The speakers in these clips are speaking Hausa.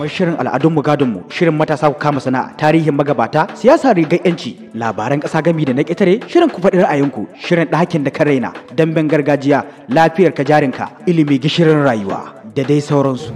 kamar shirin al'adun mu gadon mu shirin matasa ku kama sana'a tarihin magabata siyasa rigar yanci labaran ƙasa gami da na ƙetare shirin ku faɗi ra'ayinku shirin ɗakin da ka raina damben gargajiya lafiyar ka jarinka ilimi gishirin rayuwa da dai sauransu.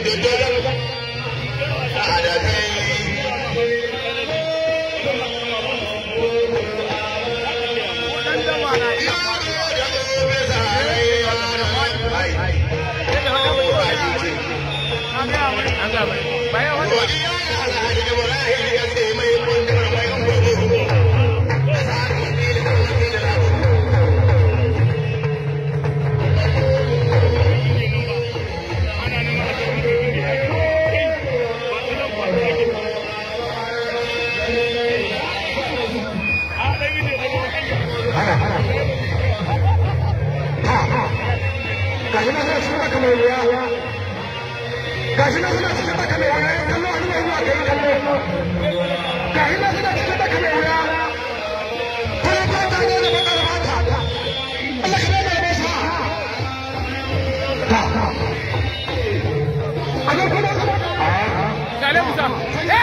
Bayan wani. Godiya ga Alhaji Ibrahim kamelia gashi ta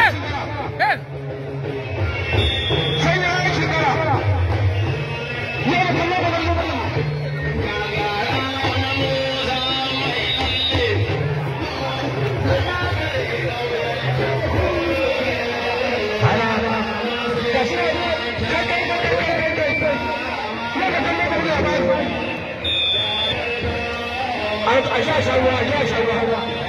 a sha sharuwa a sha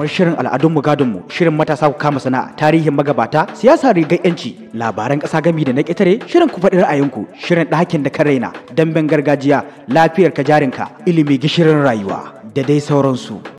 kamar shirin al'adun mu gadon mu shirin matasa ku kama sana'a tarihin magabata siyasa riga yanci labaran ƙasa gami da na ƙetare shirin ku faɗi ra'ayinku shirin ɗakin da ka raina damben gargajiya lafiyar ka jarinka ilimi gishirin rayuwa da dai sauransu